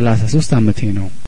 ሰላሳ ሶስት አመቴ ነው